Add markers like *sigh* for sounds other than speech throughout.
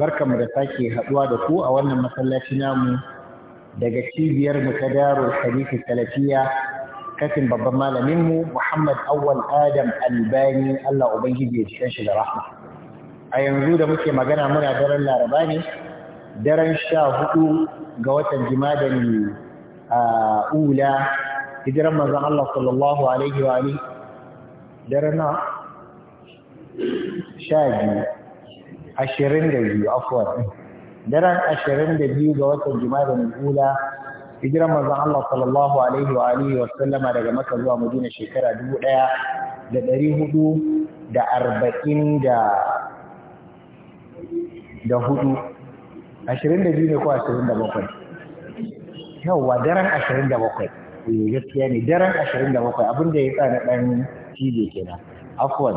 mu da sake haɗuwa da ku a wannan masallaci namu daga cibiyar mu ta daro sarifi salafiya kasin babban malamin mu Muhammad Awwal Adam Albani Allah ubangiji ya cikin shi da rahma a yanzu da muke magana muna daren Laraba ne daren sha hudu ga watan jimadan ula hijiran manzon Allah sallallahu alaihi wa daren na sha biyu ashirin da biyu afuwar daren ashirin da biyu ga watan jima'a da nufula hijirar mazan Allah sallallahu alaihi wa alihi wa sallama daga maka zuwa madina shekara dubu ɗaya da ɗari hudu da arba'in da hudu ashirin da biyu ne ko ashirin da bakwai yawwa daren ashirin da bakwai eh, gaskiya ne daren ashirin da bakwai abinda ya tsana ɗan cije kenan afuwar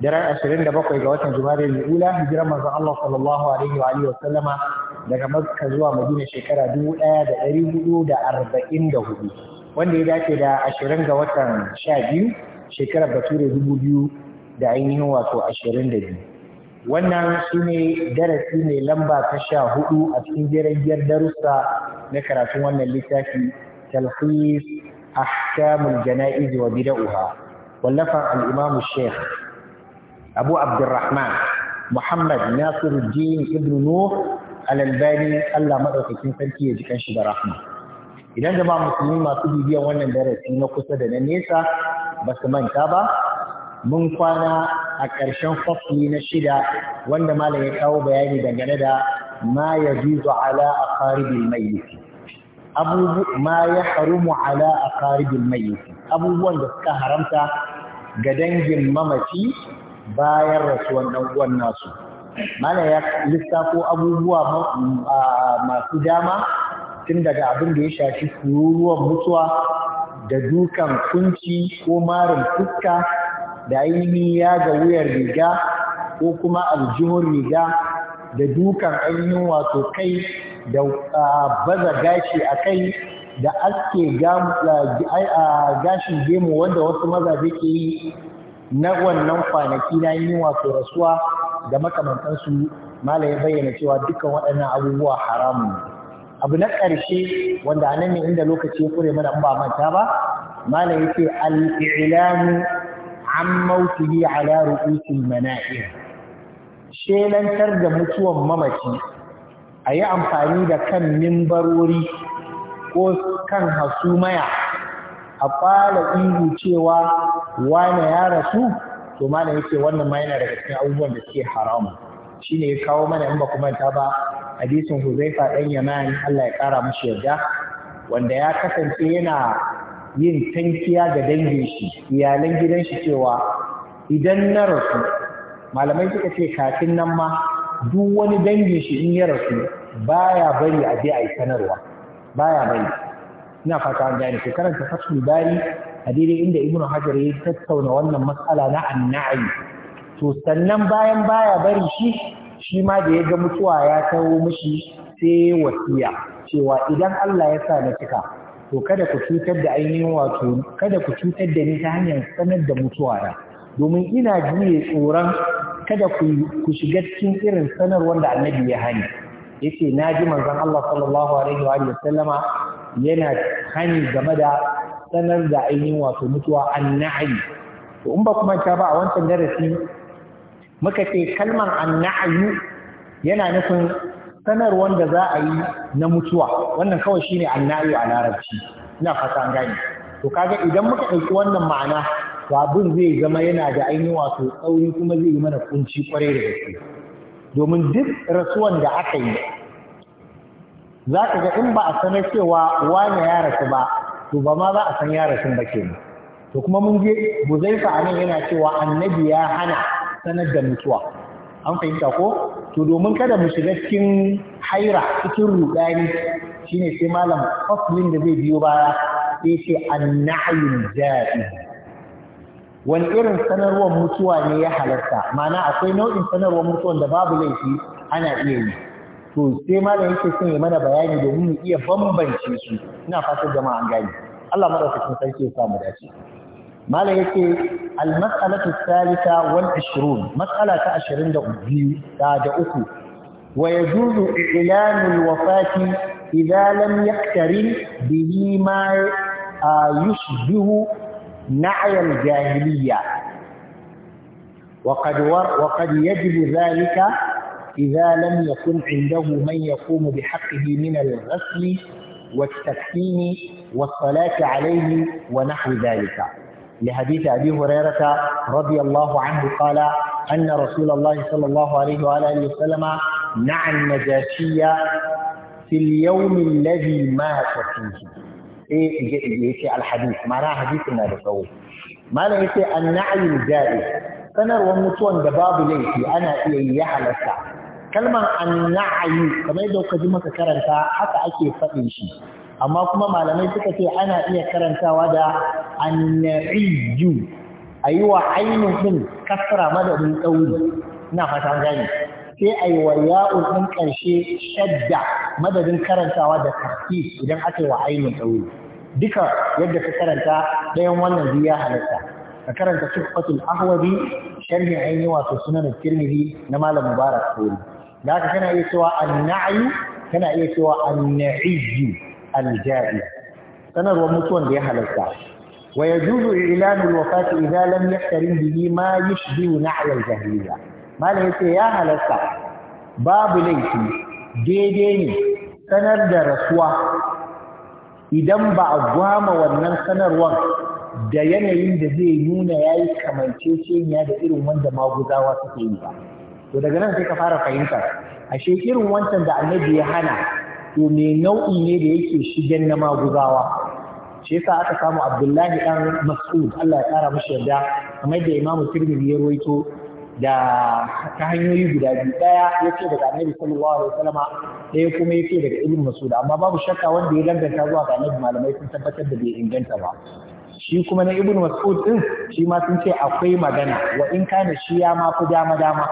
daren bakwai ga watan Jumadil Ula hijirar manzon Allah sallallahu alaihi wa alihi wa sallama daga Makka zuwa Madina shekara hudu, wanda ya dace da ashirin ga watan 12 shekarar Bature biyu da ainihin wato biyu. wannan shine darasi mai lamba ta hudu a cikin jirgin darussa na karatun wannan littafi talhis ahkamul jana'iz wa Uha, wallafan al-imam sheikh abu abdurrahman muhammad nasiruddin ibn nuh al Allah madaukakin sarki ya jikan shiga da rahma idan jama'a musulmi masu bibiyan wannan darasi na kusa da na nesa ba su manta ba mun kwana a ƙarshen fasli na shida wanda malam ya kawo bayani dangane da ma ya juzu ala a karibin mayyiti abubuwan da suka haramta ga dangin mamaci bayan rasuwan ɗanuwan uwan nasu mana ya lissafo abubuwa masu dama tun daga abin da ya shafi kururuwan mutuwa da dukan kunci ko marin fuska da ainihin ga wuyar riga ko kuma aljihun riga da dukan ainihin wato kai da baza gashi a kai da aske gashin gemu wanda wasu mazaje ke yi na wannan kwanaki na yi wato rasuwa da makamantansu mala ya bayyana cewa dukkan waɗannan abubuwa haramun abu na ƙarshe wanda a nan ne inda lokaci ya kure mana ba manta ba mala ya ce al ilamu an mautihi ala ru'usil mana'ir shelantar da mutuwan mamaci a yi amfani da kan mimbarori ko kan hasumaya a fara ihu cewa wane ya rasu to mana yace wannan ma yana daga cikin abubuwan da suke haramu ne ya kawo mana in ba ku manta ba hadisin Huzaifa dan Yaman Allah ya kara mushi yarda wanda ya kasance yana yin tankiya ga dangin shi iyalan gidan shi cewa idan na rasu malamai suka ce kafin nan ma duk wani dangin shi in ya rasu baya bari a je a yi sanarwa baya bari ina fata an gane ku karanta fathul bari a daidai inda ibnu hajar ya tattauna wannan matsala na anna'i to sannan bayan baya bari shi shi ma da ya ga mutuwa ya kawo mishi sai wasiya cewa idan Allah ya sa na cika to kada ku cutar da ainihin wato kada ku cutar da ni ta hanyar sanar da mutuwa na domin ina jiye tsoron kada ku shiga cikin irin sanar wanda annabi ya hani yace na ji manzon Allah sallallahu alaihi wa sallama yana hani game da sanar da ainihin wato mutuwa annahi to in ba kuma ta ba a wancan darasi muka ce kalmar annahi yana nufin sanar wanda za a yi na mutuwa wannan kawai shine annahi a larabci ina fata an gane to kaga idan muka ɗauki wannan ma'ana to abin zai zama yana da ainihin wato tsauri kuma zai yi mana kunci kwarai da gaske domin duk rasuwan da aka yi za ka ga in ba a sanar cewa wane ya rasu ba to ba ma za a san ya rasu ba ke to kuma mun je buzaifa a nan yana cewa annabi ya hana sanar da mutuwa an fahimta ko to domin kada mu shiga cikin haira cikin rudani shine sai malam faslin da zai biyo baya sai ce annahyin jaiz wani irin sanarwar mutuwa ne ya halarta mana akwai nau'in sanarwar mutuwan da babu laifi ana iya yi to sai malamin da yake son ya mana bayani domin mu iya bambance su ina fatan jama'a an gane Allah madaukakin sarki ya samu dace malam yake al-mas'alatu thalitha wal 20 mas'ala ta 22 da da uku wa yajuzu i'lan al-wafati idha lam yaqtarin bihi ma yushbihu na'y al-jahiliyya وقد, وقد يجب ذلك إذا لم يكن عنده من يقوم بحقه من الغسل والتكفين والصلاة عليه ونحو ذلك لحديث أبي هريرة رضي الله عنه قال أن رسول الله صلى الله عليه وآله وسلم نعى النجاشية في اليوم الذي مات فيه إيه, إيه،, إيه،, إيه، الحديث ما حديثنا حديث ما ما يتي النعي الجائز فنر ومتون دباب da أنا إيه ana kalmar anna'ayu kamar yadda kuka ji maka karanta haka ake faɗin shi amma kuma malamai suka ce ana iya karantawa da anna'iyyu a yi wa ainihin ɗin kasra madadin ɗauri ina fata gani sai a yi wa ya'un ɗin ƙarshe shadda madadin karantawa da tartib idan aka yi wa ainihin ɗauri duka yadda ka karanta ɗayan wannan ya halarta, ka karanta siffatul ahwari sharhi ainihi wato sunan tirmidhi na malam mubarak kori da haka kana iya cewa annayu kana iya cewa annaiyu alja'i sanarwar mutuwan da ya halarta wa yajuzu ilanu alwafati idza lam yahtarim bihi ma yushbihu na'ya aljahiliya malam yace ya halarta babu laifi daidai ne sanar da rasuwa idan ba a gwama wannan sanarwar da yanayin da zai nuna ya yi kamanceceniya da irin wanda maguzawa suke yi ba to daga nan sai ka fara fahimta ashe irin wancan da annabi ya hana to me nau'i ne da yake shigen na maguzawa shi yasa aka samu abdullahi dan mas'ud Allah ya kara mishi yarda kamar da imamu tirmidhi ya da ta hanyoyi guda biyu daya yace daga annabi sallallahu alaihi wasallama daya kuma yace daga ibnu mas'ud amma babu shakka wanda ya danganta zuwa ga annabi malamai sun tabbatar da bai inganta ba shi kuma na ibnu mas'ud din shi ma sun ce akwai magana wa in kana shi ya ma fi dama dama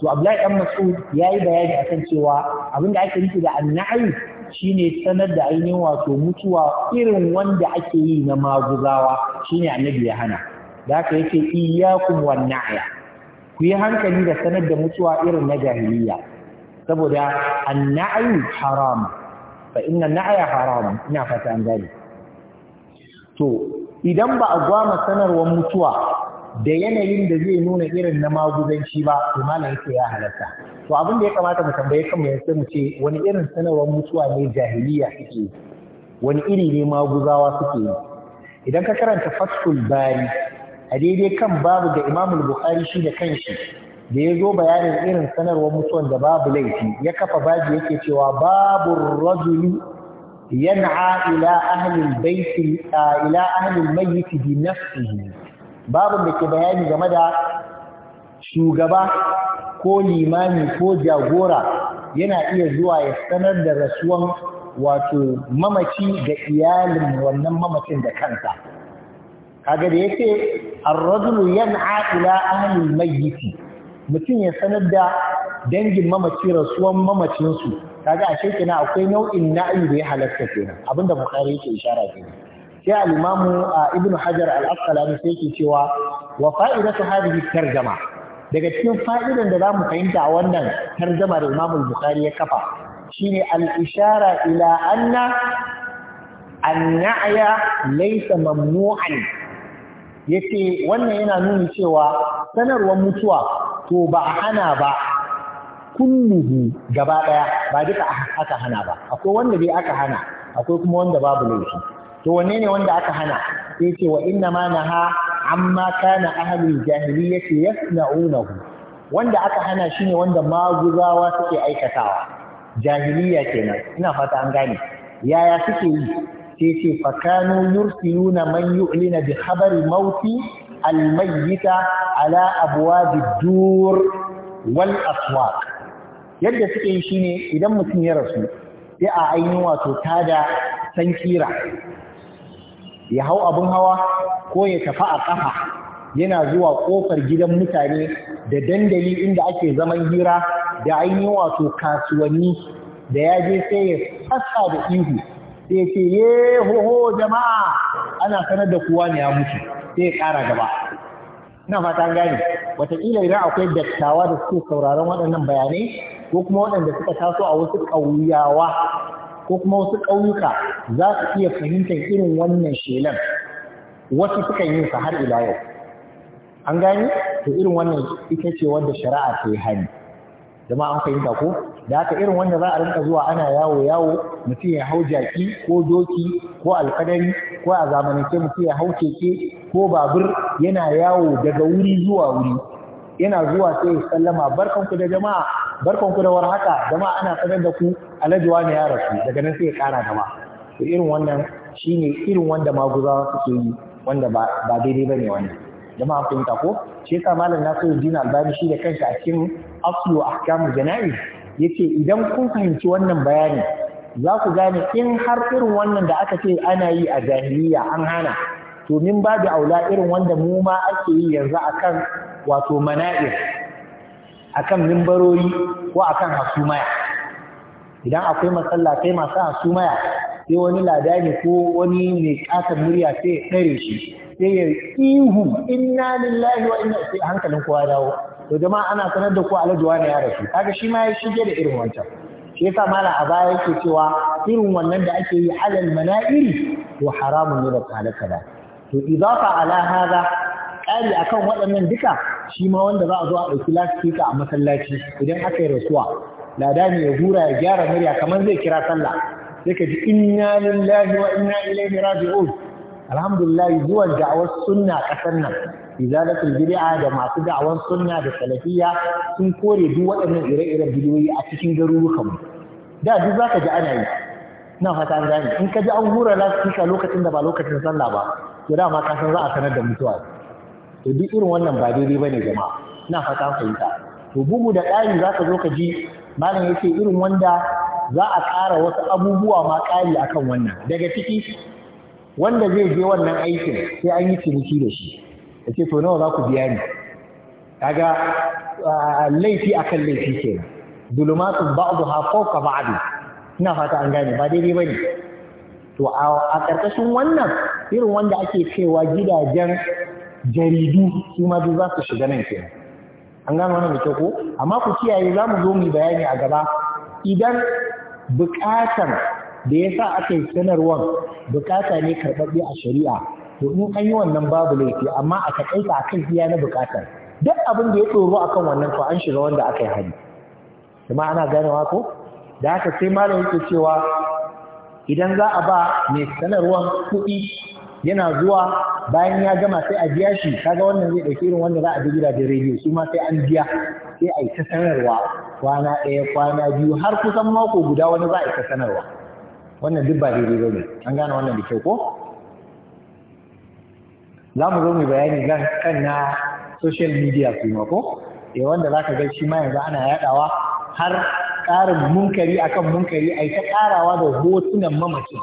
to Abdullahi dan Mas'ud yi bayani akan cewa abinda ake nufi da annahi shine sanar da ainihin wato mutuwa irin wanda ake yi na maguzawa shine annabi ya hana da haka yake iyyakum wan na'ya ku yi hankali da sanar da mutuwa irin na jahiliya saboda annahi haram fa inna na'ya haram ina fata an gani to idan ba a gwama sanarwar mutuwa da yanayin da zai nuna irin na maguzanci ba to mana yake ya halatta to abin da ya kamata mu tambaye kanmu ya sai mu ce wani irin sanarwar mutuwa ne jahiliya suke wani iri ne maguzawa suke yi idan ka karanta fathul bari a daidai kan babu da imamul bukhari shi da kan shi, da ya zo bayanin irin sanarwar mutuwan da babu laifi ya kafa baji yake cewa babu rajuli yan'a ila ahlil baiti ila ahlil mayyit bi nafsihi babin da ke bayani game da shugaba ko limami ko jagora yana iya zuwa ya sanar da rasuwan wato mamaci ga iyalin wannan mamacin da kansa kaga da yake ar-rajulu yan'a ila ahli al mutum ya sanar da dangin mamaci rasuwan mamacin su kaga ashe shekina akwai nau'in na'i da ya halatta kenan abinda bukhari yake isharar kenan sai al a ibnu hajar al-asqalani sai yake cewa wa fa'idatu hadhihi tarjama daga cikin fa'idan da zamu fahimta a wannan tarjama da imamu bukhari ya kafa shine al-ishara ila anna an-na'ya laysa mamnu'an yace wannan yana nuni cewa sanarwar mutuwa to ba a hana ba kulluhu gaba daya ba duka aka hana ba akwai wanda bai aka hana akwai kuma wanda babu laifi to wanne ne wanda aka hana sai ce wa inna ma naha amma kana ahlul jahiliyyati yasna'unahu wanda aka hana shine wanda maguzawa suke aikatawa jahiliya kenan ina fata an gane yaya suke yi sai ce fakanu yursiluna man yu'lina bi khabari mauti almayyita ala abwabi dur wal aswaq yadda suke yi shine idan mutum ya rasu sai a ainihin wato tada sankira ya hau abin hawa ko ya tafi a ƙafa yana zuwa ƙofar gidan mutane da dandali inda ake zaman hira da an yi wato kasuwanni da ya je sai ya fasa da ihu sai ce ye hoho jama'a ana sanar da kowa ne ya mutu sai ya ƙara gaba ina fata gane wataƙila idan akwai dattawa da suke sauraron waɗannan bayanai ko kuma waɗanda suka taso a wasu ƙauyawa ko kuma wasu ƙauyuka za su iya fahimtar irin wannan shelan wasu suka yi sa har ila yau an gani to irin wannan ita ce wanda shari'a ta yi hani jama'a an fahimta ko da haka irin wanda za a rinka zuwa ana yawo yawo mutum ya hau jaki ko doki ko Alƙadari, ko a zamanance mutum ya hau keke ko babur yana yawo daga wuri zuwa wuri yana zuwa sai ya sallama barkanku da jama'a barkanku da warhaka jama'a ana sanar da ku alhaji ne ya rasu daga nan sai ya kara gaba to irin wannan shine irin wanda maguzawa suke yi wanda ba ba daidai bane wannan jama'a kun ta ko shi yasa malam din Albani shi da kanka a cikin Aslu ahkamu janayi yace idan kun fahimci wannan bayani za ku gane in har irin wannan da aka ce ana yi a jahiliya an hana to min babu aula irin wanda mu ma ake yi yanzu akan wato mana'ir akan mimbarori ko akan hasumaya idan akwai masallatai masu hasumaya sai wani ladani ko wani mai katar murya sai ya tsare shi sai ya ihu inna lillahi wa inna sai hankalin kowa dawo to jama'a ana sanar da ku alhaji ne ya rasu kaga shi ma ya shige da irin wancan shi yasa mala a baya yake cewa irin wannan da ake yi alal mana'iri to haramun ne da kala kala to idafa ala hada ƙari akan waɗannan duka shi ma wanda za a zo a ɗauki lasifika a masallaci idan aka yi rasuwa ne ya hura ya gyara murya kamar zai kira sallah sai ka ji inna lillahi wa inna ilaihi raji'un alhamdulillah zuwan da'awar sunna ƙasar nan izalatul bid'a da masu da'awar sunna da salafiyya sun kore duk waɗannan ire-iren bidiyoyi a cikin garurukan mu da duk zaka ji ana yi ina fata an gane in ka ji an hura lasifika lokacin da ba lokacin sallah ba to dama ka san za a sanar da mutuwa to duk irin wannan ba daidai bane jama'a ina fata fahimta to bugu da ƙari za ka zo ka ji malam yace irin wanda za a ƙara wasu abubuwa ma ƙari akan wannan daga ciki wanda zai je wannan aikin sai an yi ciniki da shi yace to nawa za ku biya ni kaga laifi akan laifi kenan zulumatun ba'daha fawqa ba'd ina fata an gane ba daidai bane to a ƙarƙashin wannan irin wanda ake cewa gidajen jaridu su ma za su shiga nan kenan an gano wani mu ko amma ku kiyaye za mu zo mu bayani a gaba idan bukatan da ya sa aka yi sanarwar buƙata ne karɓaɓɓe a shari'a to in an yi wannan babu laifi amma a taƙaita a kan iya na buƙatar duk abin da ya tsoro akan wannan to an shiga wanda aka yi hali kuma ana ganewa ko da haka sai malam yake cewa idan za a ba mai sanarwar kuɗi yana zuwa bayan ya gama sai a biya shi kaga wannan zai ɗauki irin wanda za a bi gidajen rediyo su ma sai an biya sai a yi ta sanarwa kwana ɗaya kwana biyu har kusan mako guda wani za a yi ta sanarwa wannan duk ba daidai ba ne an gane wannan da kyau ko za mu zo mu bayani zan kan na social media su ma ko eh wanda za ka ga shi ma yanzu ana yaɗawa har ƙarin munkari akan munkari a yi ta ƙarawa da hotunan mamacin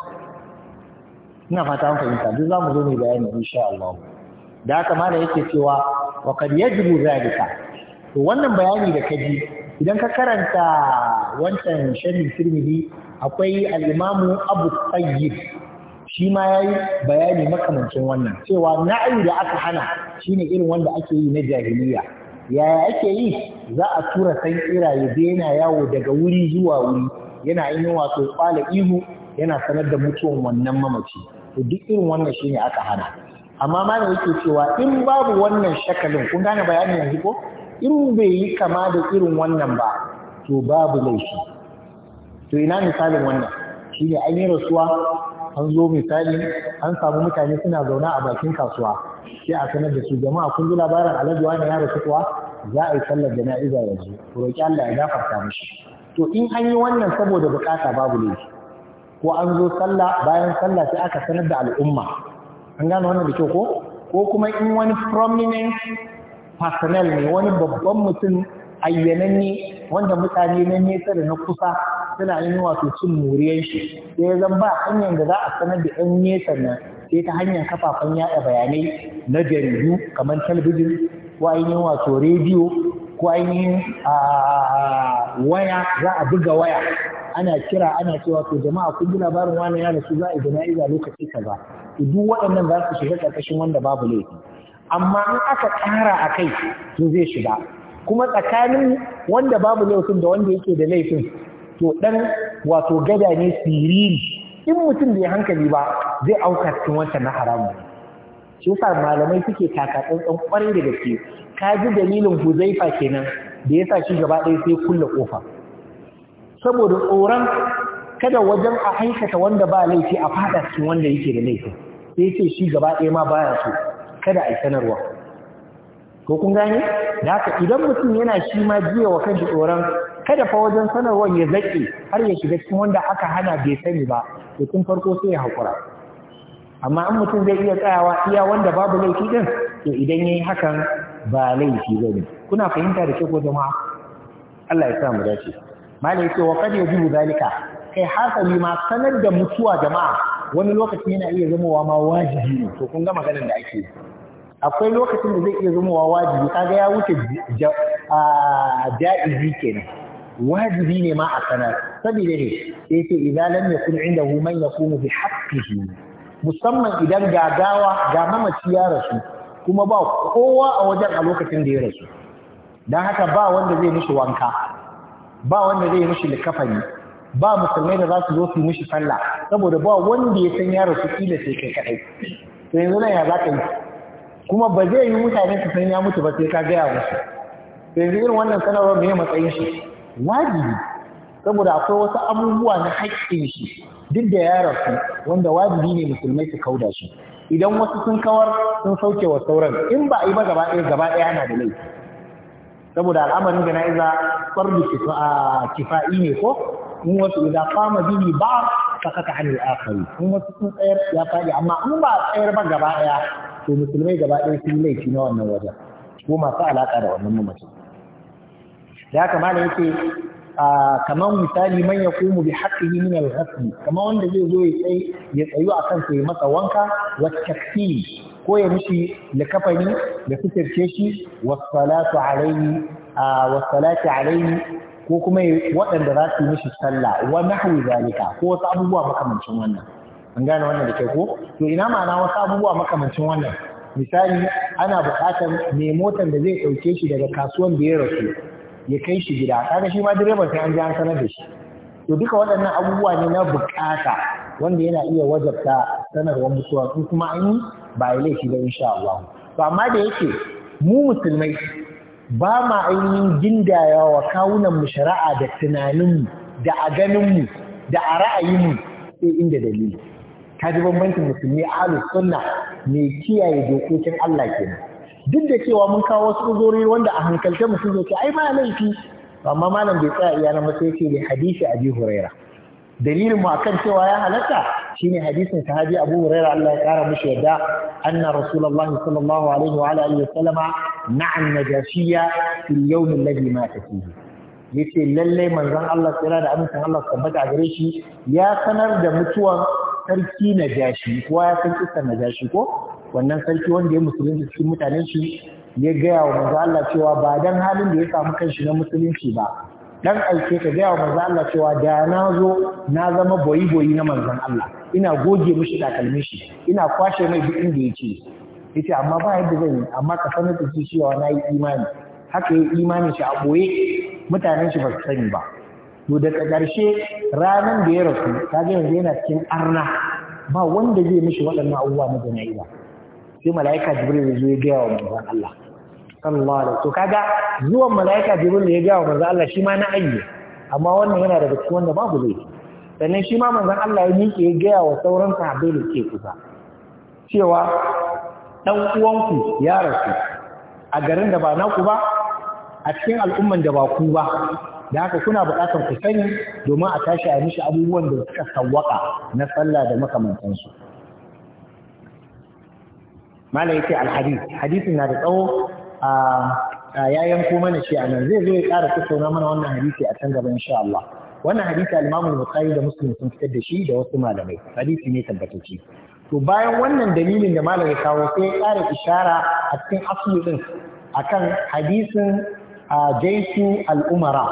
ina fata an fahimta duk zamu mu zo mu bayani insha Allah da haka ma da yake cewa wa kad yajibu zalika to wannan bayani da kaji idan ka karanta wancan sharhin tirmidhi akwai al-imamu abu tayyib shi ma ya yi bayani makamancin wannan cewa na'ayi da aka hana shine irin wanda ake yi na jahiliya yaya ake yi za a tura san kiraye da yana yawo daga wuri zuwa wuri yana yin wato kwala ihu yana sanar da mutuwan wannan mamaci to duk irin wannan shine aka hana amma malam yake cewa in babu wannan shakalin kun gane bayani yanzu ko in bai yi kama da irin wannan ba to babu laifi to ina misalin wannan Shi ne an yi rasuwa an zo misali an samu mutane suna zauna a bakin kasuwa sai a sanar da su jama'a kun ji labarin alhaji wani ya rasu kuwa za a yi sallar jana'iza yanzu roki Allah ya gafarta mishi to in an yi wannan saboda bukata babu laifi ko an zo sallah bayan sallah sai aka sanar da al'umma an gane wannan da kyau ko ko kuma in wani prominent personnel ne wani babban mutum ayyananne wanda mutane na nesa da na kusa suna yin wato cin muriyar shi sai zan ba hanyar da za a sanar da yan nesa nan sai ta hanyar kafafen yaɗa bayanai na jaridu kamar talabijin ko ainihin wato rediyo ko ainihin ah, waya za a buga waya ana kira ana cewa to jama'a kun ji labarin wani ya rasu za a jana'iza lokaci kaza to duk waɗannan za su shiga ƙarƙashin wanda babu laifi amma in aka ƙara a kai to zai shiga kuma tsakanin wanda babu laifin da wanda yake da laifin to ɗan wato gada ne siriri in mutum bai hankali ba zai auka cikin wancan na haramu shi yasa malamai suke taka tsantsan kwarai da gaske ka ji dalilin huzaifa kenan da yasa shi gaba ɗaya sai kulle kofa saboda tsoron kada wajen a aikata wanda ba laifi a fada cikin wanda yake da laifi sai yake shi gaba ɗaya ma baya so kada a sanarwa ko kun gane da haka idan mutum yana shi ma jiya wa kanshi tsoron kada fa wajen sanarwar ya zaƙe har ya shiga cikin wanda aka hana bai sani ba to tun farko sai ya haƙura amma in mutum zai iya tsayawa iya wanda babu laifi din to idan yayi hakan ba laifi bane kuna fahimta da ke ko jama'a Allah ya sa mu dace malai ce wa ya yajibu zalika kai hasali ma sanar da mutuwa jama'a wani lokaci yana iya zamowa ma wajibi ne to kun ga maganar da ake akwai lokacin da zai iya zamowa wajibi kaga ya wuce ja'izi kenan wajibi ne ma a sanar saboda ne sai ce idan lam yakun indahu man yakumu bi haqqihi musamman idan gagawa ga mamaci ya rasu kuma ba kowa a wajen a lokacin da ya rasu Dan haka ba wanda zai mishi wanka ba wanda zai mishi likafani ba musulmai da za su zo su mishi sallah saboda ba wanda ya san yaro su kila sai kai kadai to yanzu nan ya za ka yi kuma ba zai yi mutane su san ya mutu ba sai ka gaya musu to yanzu irin wannan sanarwar me matsayin shi wajibi saboda akwai wasu abubuwa na haƙƙin shi duk da ya rasu wanda wajibi ne musulmai su kauda shi idan wasu sun kawar sun sauke wa sauran in ba a yi ba gaba ɗaya gaba ɗaya na da laifi saboda al'amarin jana'iza fardu kifa'i ne ko in wasu idan fama bihi ba sakaka hanil akhari in wasu sun tsayar ya faɗi amma in ba tsayar ba gaba ɗaya to musulmai gaba ɗaya sun laifi na wannan wajen ko masu alaƙa da wannan mamacin da haka malam yake kamar misali man ya kumu bi haqqihi min al kamar wanda zai zo ya tsayu a kansa ya masa wanka wa takfir ko ya mishi likafani da fitarce shi wassalatu alaihi wassalati alaihi ko kuma waɗanda za su yi mishi sallah wa nahwi zalika ko wasu abubuwa makamancin wannan an gane wannan da kyau ko to ina ma'ana wasu abubuwa makamancin wannan misali ana buƙatar me motar da zai ɗauke shi daga kasuwan da ya rasu ya kai shi gida kaga shi ma direban sai an ji an sanar da shi to duka waɗannan abubuwa ne na buƙata wanda yana iya wajabta sanarwar mutuwa in kuma an yi ba ya laifi ba insha Allah to amma da yake mu musulmai ba ma ainihin gindaya wa kawunan mu shari'a da tunanin mu da a ganin mu da a ra'ayin mu sai inda dalili ka ji bambancin musulmi ahlus sunna mai kiyaye dokokin Allah kenan duk da cewa mun kawo wasu uzuri wanda a hankalce mu sun zo ai ba laifi amma malam bai tsaya iyana na masa yake da hadisi abi huraira dalilin mu akan cewa ya halatta shine hadisin sahabi Abu Hurairah Allah ya kara mishi yadda anna Rasulullahi sallallahu alaihi wa alihi wasallama na'an Najashiya fil yawm alladhi mata fihi yace lalle manzon Allah tsira da amincin Allah tabbata gare shi ya sanar da mutuwan sarki najashi kowa ya san kisan najashi ko wannan sarki wanda ya musulunci cikin mutanen shi ya gaya wa manzo Allah cewa ba dan halin da ya samu kanshi na musulunci ba dan aike ka gaya wa manzo Allah cewa da na zo na zama boyi boyi na manzon Allah ina goge mishi takalmin shi ina kwashe mai duk inda yake yace amma ba yadda zan yi amma ka sanar da shi cewa na yi imani haka yi imanin shi a boye mutanen shi ba su sani ba to daga ƙarshe ranar da ya rasu ta ga yanzu yana cikin arna ba wanda zai mishi waɗannan abubuwa na jana'iza sai mala'ika jibril ya zo ya gaya wa manzon Allah sallallahu alaihi to kaga zuwan mala'ika jibril ya gaya wa manzon Allah shi ma na ayye amma wannan yana daga cikin wanda babu zai sannan shi ma manzan Allah ya miƙe ya gaya wa sauran sahabbai da ke kusa cewa dan uwanku ya rasu a garin da ba naku ba a cikin al'umman da ba ku ba da haka kuna buƙatar ku sani domin a tashi a mishi abubuwan da suka sawwaka na sallah da makamantansu mala yake alhadis hadisin na da tsawo a ya yanko mana shi a nan zai zo ya ƙara tattauna mana wannan hadisi a can gaba insha Allah wannan hadisi al al Bukhari da Muslim sun fitar da shi da wasu malamai hadisi ne tabbatacce to bayan wannan dalilin da malam ya kawo sai ya ƙara ishara a cikin aslu din akan hadisin jaisu al-umara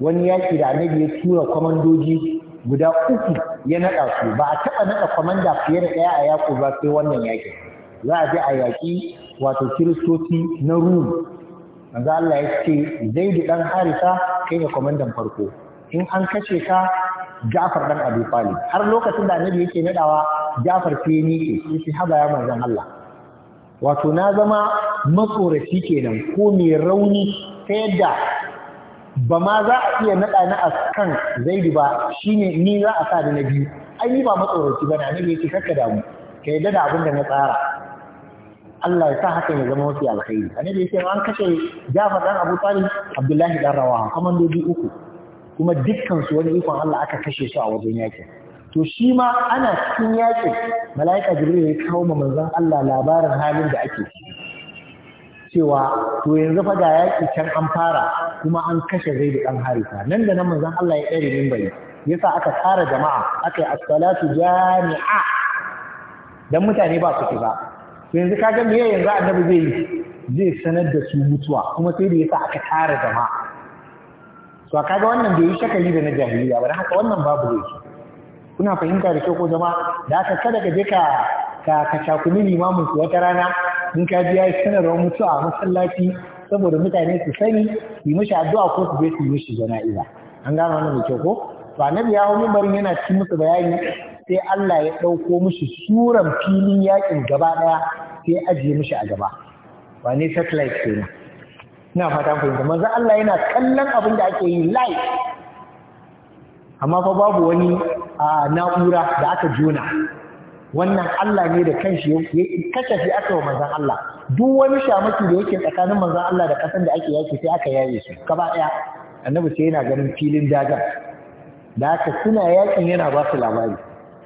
wani yaki da annabi ya tura kwamandoji guda uku ya naɗa su ba a taɓa naɗa kwamanda fiye da ɗaya a yaƙo ba sai wannan yaƙin za a je a yaƙi wato kiristoci na rum manzo Allah ya ce da dan harisa kai ne kwamandan farko in an kashe ka Jafar dan Abi Talib har lokacin da annabi yake nadawa Jafar sai ni ke shi haba ya manzon Allah wato na zama makorafi kenan ko mai rauni ta yadda ba ma za a iya nada na askan zaidi ba shine ni za a sa da na biyu ai ni ba matsoraci ba na annabi yake kakka damu ka kai da abin da na tsara Allah ya sa hakan ya zama mafi alkhairi annabi yake an kashe Jafar dan Abu Talib Abdullahi dan Rawaha dubi uku kuma dukkansu wani ikon Allah aka kashe su a wajen yakin to shi ma ana cikin yakin mala'ika jibril ya kawo ma manzon Allah labarin halin da ake cewa to yanzu fa ga yaki can an fara kuma an kashe zai da dan harisa nan da nan manzon Allah ya dare mimbari yasa aka tsara jama'a aka yi as-salatu jami'a dan mutane ba su ba to yanzu kaga me yanzu annabi zai zai sanar da su mutuwa kuma sai da yasa aka tsara jama'a to kaga wannan bai yi shakali da na jahiliya ba haka wannan babu laifi kuna fahimta da kyau ko zama da aka kada ka je ka ka ka limamin su wata rana in ka ji yayi sanarwar mutuwa a masallaci saboda mutane su sani su yi mishi addu'a ko su je su yi mishi jana'iza an gano wannan da kyau ko to annabi ya wani barin yana cikin musu bayani sai Allah ya ɗauko mishi suran filin yakin gaba ɗaya sai ajiye mishi a gaba wane satellite kenan ina fata fahimta manzo Allah yana kallon abin da ake yi live amma fa babu wani na'ura da aka jona wannan Allah ne da kanshi ya shi aka wa manzan Allah duk wani shamaki da yake tsakanin manzan Allah da kasan da ake yaki sai aka yaye su gaba daya annabi sai yana ganin filin daga da aka suna yakin yana ba su labari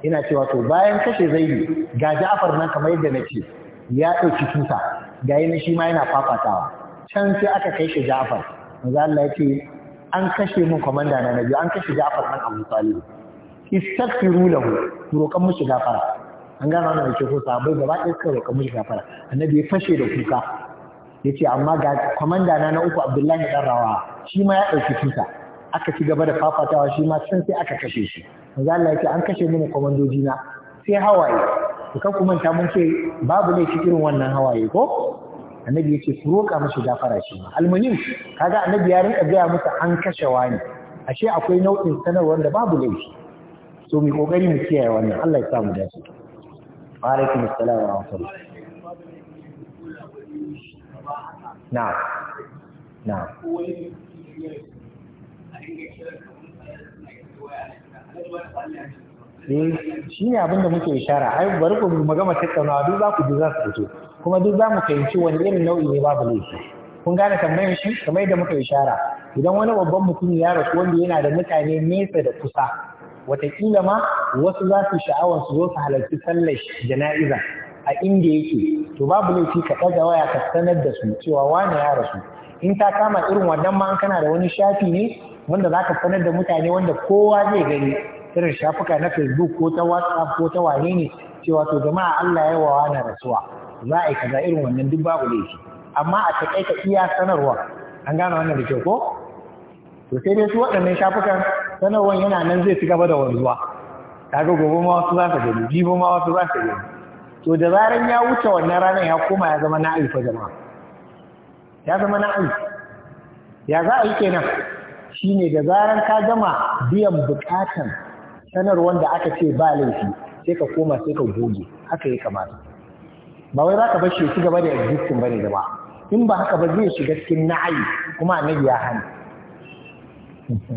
Ina cewa to bayan kashe zaidi ga Ja'far nan kamar yadda na ce ya ɗauki tuta ga yana shi ma yana fafatawa can sai aka kai shi Ja'far manzo Allah yake an kashe mun komanda na nabi an kashe Ja'far dan Abu Talib istaghfiru lahu roƙan shi gafara an gano wannan yake ko sabai gaba ɗaya suka roƙan shi gafara annabi ya fashe da kuka yace amma ga komanda na na uku Abdullahi dan Rawa shi ma ya ɗauki kuka aka ci gaba da fafatawa shi ma can sai aka kashe shi manzo Allah yake an kashe mun komandoji na sai hawaye to kan kuma ta mun ce babu ne cikin irin wannan hawaye ko annabi ya ce ku roƙa mashi gafara shi ma almunim kaga annabi ya rinka gaya masa an kashe wani ashe akwai nau'in sanarwar da babu laifi so mu kokari mu kiyaye wannan Allah ya sa mu dace wa alaikum assalam wa rahmatullah na na eh shi ne abin da muke ishara ai bari ku magana tattaunawa duk za ku ji za su fito kuma duk za mu fahimci wani irin nau'i ne babu laifi kun gane tambayar shi kamar yadda muka ishara idan wani babban mutum ya rasu wanda yana da mutane nesa da kusa wataƙila ma wasu za su sha'awar su zo su halarci sallar jana'iza a inda yake to babu laifi ka ɗaga waya ka sanar da su cewa wane ya rasu in ta kama irin wannan ma kana da wani shafi ne wanda za ka sanar da mutane wanda kowa zai gani irin shafuka na facebook ko ta whatsapp ko ta wane ne cewa to jama'a Allah ya wawa na rasuwa za a yi kaza irin wannan duk babu laifi amma a takaita iya sanarwa an gane wannan da ke ko to sai dai su waɗannan shafukan sanarwar yana nan zai ci gaba da wanzuwa kaga gobe ma wasu za su gani jibo ma wasu za su gani to da zaran ya wuce wannan ranar ya koma ya zama na aifa jama'a ya zama aifa ya za a yi kenan shine da zaran ka gama biyan bukatan sanarwar da aka ce ba laifi sai ka koma sai ka goge haka ya kamata ba wai zaka bar shi ci gaba da existing bane da ba in ba haka ba zai shiga cikin na'ayi kuma annabi ya hana *laughs*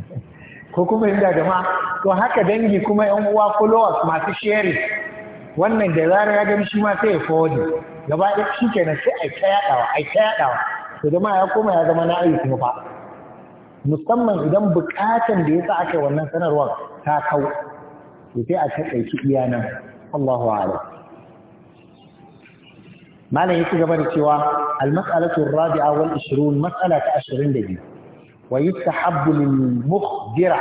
ko kuma inda jama'a to haka dangi kuma yan uwa followers masu sharing wannan da zarar ya gani shi ma sai ya forward gaba da shi kenan sai ai ta yadawa ai ta yadawa to jama'a ya koma ya zama na'ayi kuma fa musamman idan bukatan da yasa aka wannan sanarwar ta kau to sai a taƙaici iya nan Allahu malam ya ci gaba da cewa al-mas'alatu ar-rabi'a wal 20 mas'ala ta 22 wa yustahabbu lil mukhbira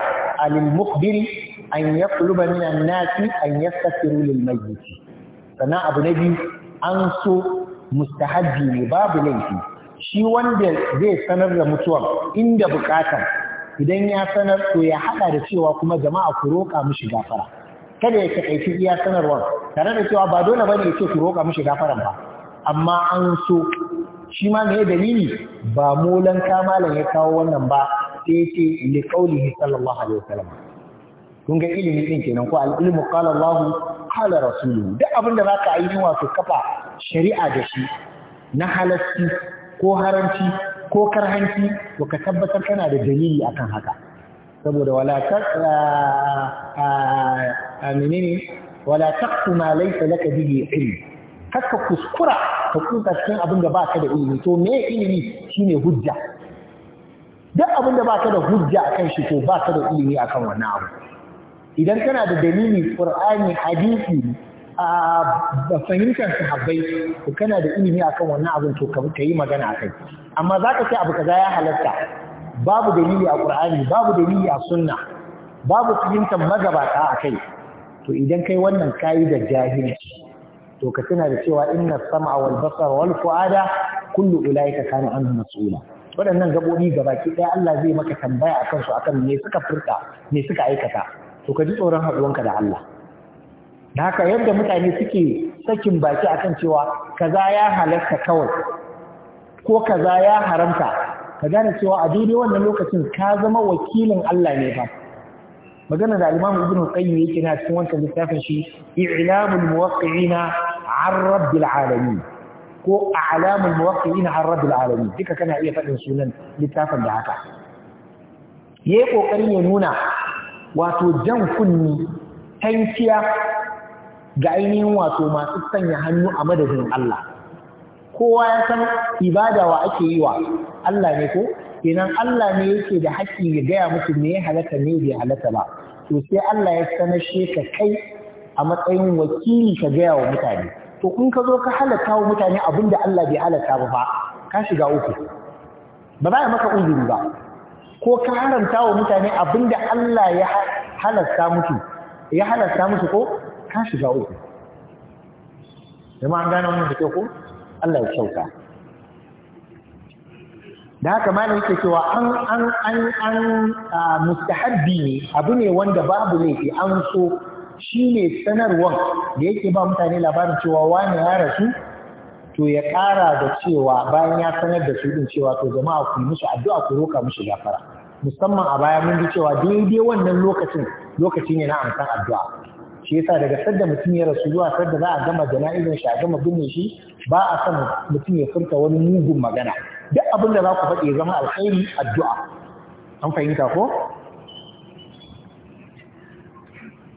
lil mukhbiri an yaqluba min an-nas an yastaghfiru lil mayyit sana abu nabi an so mustahabbi ne babu laifi shi wanda zai sanar da mutuwar inda bukatar idan ya sanar to ya hada da cewa kuma jama'a ku roƙa mishi gafara kada ya takaici iya sanarwar tare da cewa ba dole ne ya ce ku roƙa mishi gafaran ba amma an so shi ma ne dalili ba molan kamalan ya kawo wannan ba sai ya ce li qaulihi sallallahu alaihi wasallam kun ga ilimi din kenan ko al ilmu qala Allahu qala rasulu duk abin da zaka yi wasu kafa shari'a da shi na halarci ko haramci, ko karhanci to ka tabbatar kana da dalili akan haka saboda wala ta menene wala taqfu ma laysa laka bihi ilm kaka kuskura ka kunta cikin abin da baka da ilimi to me ilimi shine hujja duk abin da baka da hujja akan shi to baka da ilimi akan wannan abu idan kana da dalili qur'ani hadisi a fahimtar sahabbai to kana da ilimi akan wannan abin to ka yi magana akai amma zaka ce abu kaza ya halatta babu dalili a qur'ani babu dalili a sunna babu fahimtar magabata akai to idan kai wannan kayi da jahilci to ka tana da cewa inna sam'a wal basara wal fu'ada kullu ulaika kana anhu mas'ula waɗannan gabobi baki ɗaya Allah zai maka tambaya akan su akan me suka furta me suka aikata to ka ji tsoron haɗuwanka da Allah da haka yadda mutane suke sakin baki akan cewa kaza ya halarta kawai ko kaza ya haramta ka gane cewa a daidai wannan lokacin ka zama wakilin Allah ne ba magana da al-Imam Ibn Qayyim yake na cikin wannan littafin shi i'lamul muwaqqi'ina 'an rabbil alamin ko a'lamul muwaqqi'ina 'an rabbil alamin duka kana iya faɗin sunan littafin da haka yayi kokarin ya nuna wato jan kunni tankiya ga ainihin wato masu sanya hannu a madadin Allah kowa ya san ibada wa ake yi wa Allah ne ko kenan Allah ne yake da haƙƙi ya gaya musu me ya halatta ne bai halatta ba to sai Allah ya sanashe ka kai a matsayin wakili ka gaya wa mutane to in ka zo ka halatta wa mutane abin da Allah bai halatta ba fa ka shiga uku ba za maka uzuri ba ko ka haramta wa mutane abin da Allah ya halasta musu ya halasta musu ko ka shiga uku Jama'an an gane wannan da ke ko Allah ya kyauta da haka malam yake cewa an an an an mustahabbi ne abu ne wanda babu laifi an so shine sanarwar da yake ba mutane labarin cewa wani ya rasu to ya kara da cewa bayan ya sanar da su din cewa to jama'a ku musu addu'a ku roka musu gafara musamman a baya mun ji cewa daidai wannan lokacin lokaci ne na amsan addu'a shi yasa daga sadda mutum ya rasu zuwa sadda za a gama jana'izar shi a gama binne shi ba a son mutum ya furta wani mugun magana duk abin da za ku faɗi zama alkhairi addu'a an fahimta ko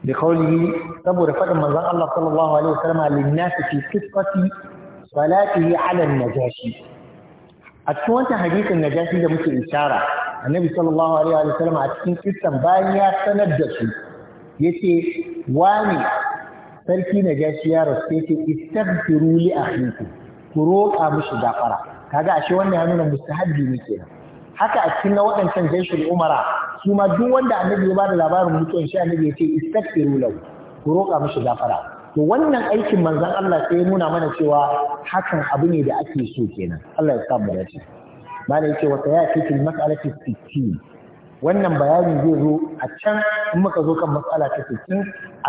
da kauli saboda faɗin manzon Allah sallallahu alaihi wasallam linnasi fi qisfati salatihi ala najashi a cikin wancan hadisin najashi da muke ishara annabi sallallahu alaihi wasallam a cikin kissan bayan ya sanar da su yace wani sarki najashi ya rasu yace istaghfiru li akhikum ku roƙa mishi gafara kaga ashe wannan ya nuna mustahabbi ne kenan haka a cikin waɗancan jaishul umara su ma duk wanda annabi ya bada labarin mutuwan shi annabi ya ce istaghfiru lahu ku roƙa mishi gafara to wannan aikin manzon Allah sai ya nuna mana cewa hakan abu ne da ake so kenan Allah ya sa mu dace malai yake wa sayati fil mas'alati 60 wannan bayani zai zo a can in muka zo kan mas'ala ta 60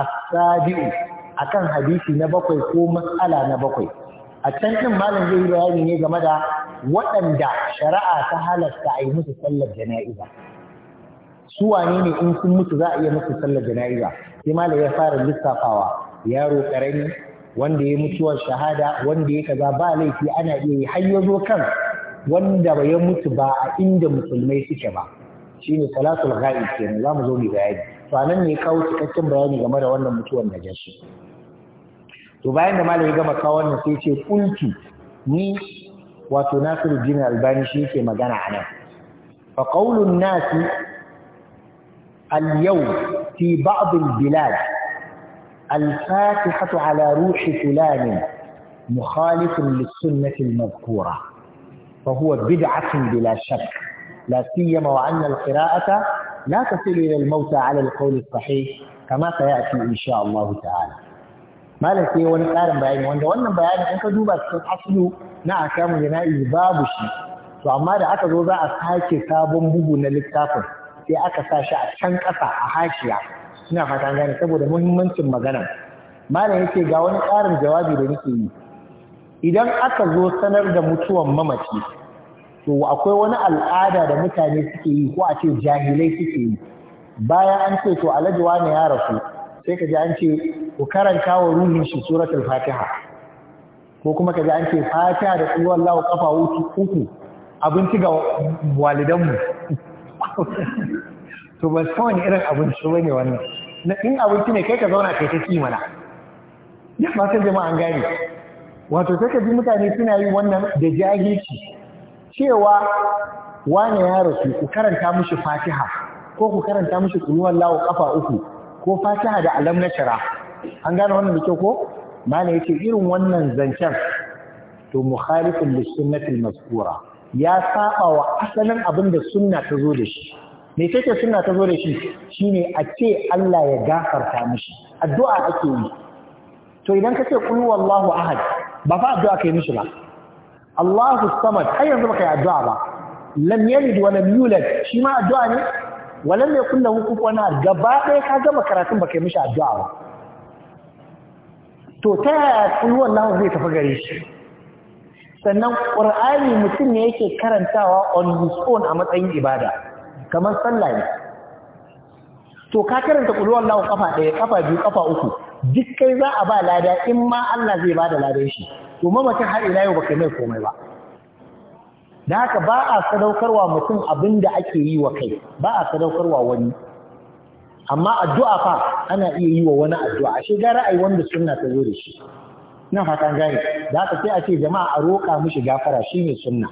as-sabi'u akan hadisi na bakwai ko mas'ala na bakwai a can ɗin malam zai yi bayani ne game da waɗanda shari'a ta halasta a yi musu sallar jana'iza su wane ne in sun mutu za a iya musu sallar jana'iza sai malam ya fara lissafawa yaro ƙarami wanda ya mutuwar shahada wanda ya kaza ba laifi ana iya yi har ya kan wanda ya mutu ba a inda musulmai suke ba shine salatul ghaib kenan mu zo mu bayani to anan ne kawo cikakken bayani game da wannan mutuwar najashi to bayan da malami gama kawo wannan sai ce kultu ni wato nasiru jini albani shi yake magana a nan fa qaulun nasi al-yawm fi ba'd al-bilad al-fatihatu ala ruhi fulan مخالف للسنة المذكورة فهو بدعة بلا شك لا سيما وأن القراءة لا تصل إلى الموتى على القول الصحيح كما سيأتي إن شاء الله تعالى malam sai wani ƙarin bayani wanda wannan bayanin in ka duba cikin aslu na akamu na'i babu shi to amma da aka zo za a sake sabon bugu na littafin sai aka sa shi a can ƙasa a hashiya suna fata gane saboda muhimmancin magana malam yake ga wani ƙarin jawabi da nake yi idan aka zo sanar da mutuwan mamaci to akwai wani al'ada da mutane suke yi ko a ce jahilai suke yi bayan an ce to alhaji wani ya rasu sai ka ji an ce ku karanta wa ruhin shi suratul fatiha ko kuma ka ji an ce fatiha da kullu lawa kafa uku abinci ga walidanmu *laughs* to ba san wani irin abinci bane wannan na in abinci ne kai ka zauna kai ta ci mana ya ba san jama'a an gane wato sai ka ji mutane suna yi wannan da jahilci cewa wane ya rasu ku karanta mishi fatiha ko ku karanta mishi kullu lawa kafa uku ko fatiha da alam na shira. an gane wannan da kyau ko mana yace irin wannan zancen to mukhalifun lis sunnati al mazkura ya saba wa asalin abin da sunna ta zo da shi me take sunna ta zo da shi shine a ce Allah ya gafarta mishi addu'a ake yi to idan ka ce qul wallahu ahad ba fa addu'a kai mishi ba Allahu samad har yanzu baka yi addu'a ba lam yalid wa lam yulad shi ma addu'a ne walan ne kunna hukuk wani gaba ɗaya ka gama karatun ba kai mishi addu'a ba to ta yaya kulwan lahu zai tafi gare shi sannan ƙur'ani mutum ne yake karantawa on his own a matsayin ibada kamar sallah to ka karanta kulwan lahu kafa ɗaya kafa biyu kafa uku duk kai za a ba lada in ma Allah zai ba da ladan shi to mamakin har ila yau baka mai komai ba da haka ba a sadaukarwa mutum abin da ake yi wa kai ba a sadaukarwa wani amma addu'a fa ana iya yi wa wani addu'a ashe gara ra'ayi wanda sunna ta zo da shi ina fatan gani da haka sai a ce jama'a a roƙa mishi gafara shine sunna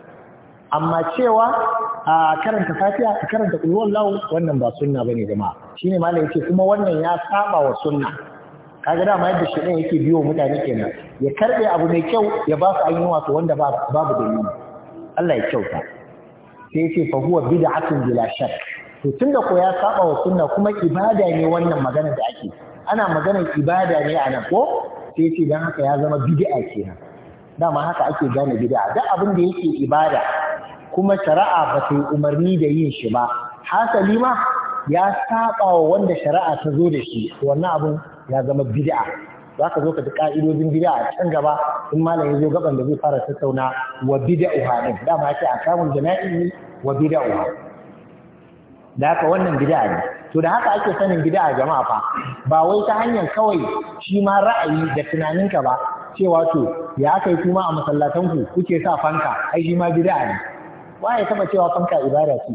amma cewa a karanta fatiha a karanta qul huwallahu wannan ba sunna bane jama'a shine malai yake kuma wannan ya saba wa sunna kaga dama yadda shi yake biyo mutane kenan ya karbe abu mai kyau ya ba su ainihin wato wanda babu dalili Allah ya kyauta sai ce fa huwa bid'atun bila shak to tunda ko ya saba wa sunna kuma ibada ne wannan magana da ake ana magana ibada ne a nan ko sai ce dan haka ya zama bid'a kenan dama haka ake gane bid'a duk abin da yake ibada kuma shari'a ba ta yi umarni da yin shi ba hasali ma ya saba wa wanda shari'a ta zo da shi wannan abin ya zama bid'a za ka zo ka ji ƙa'idojin bid'a a can gaba in malam ya zo gaban da zai fara tattauna wa uha din dama ya ce a jana'i ne wa uha da haka wannan bid'a ne to da haka ake sanin bid'a jama'a fa ba wai ta hanyar kawai shi ma ra'ayi da tunaninka ba cewa to ya aka yi kuma a masallatan ku kuke sa fanka ai shi ma bid'a ne waye taba cewa fanka ibada ce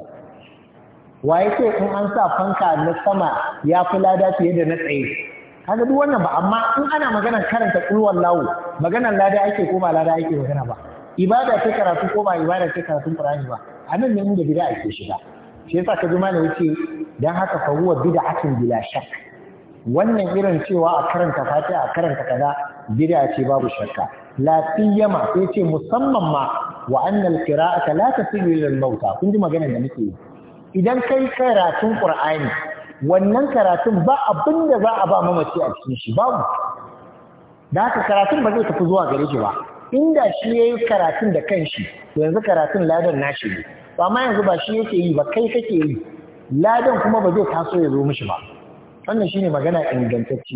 waye ce in an sa fanka na sama ya fi lada fiye da na tsaye kaga duk wannan ba amma in ana maganar karanta kulwan lawo maganar lada ake ko ba lada ake magana ba ibada ce karatu ko ba ibada ce karatun qur'ani ba anan ne inda bid'a ake shiga shi yasa ka ji yace dan haka fa huwa bid'atun bila shakk wannan irin cewa a karanta fatiha a karanta kaza bid'a ce babu shakka la tiyama sai ce musamman ma wa annal qira'ata la tasilu lil mauta kun ji maganar da muke yi idan kai karatun qur'ani wannan karatun ba abin da za a ba mamaci a cikin shi babu da haka karatun ba zai tafi zuwa gare shi ba inda shi yayi karatun da kanshi to yanzu karatun ladan nashi ne to amma yanzu ba shi yake yi ba kai kake yi ladan kuma ba zai taso ya zo mishi ba wannan shine magana ingantacce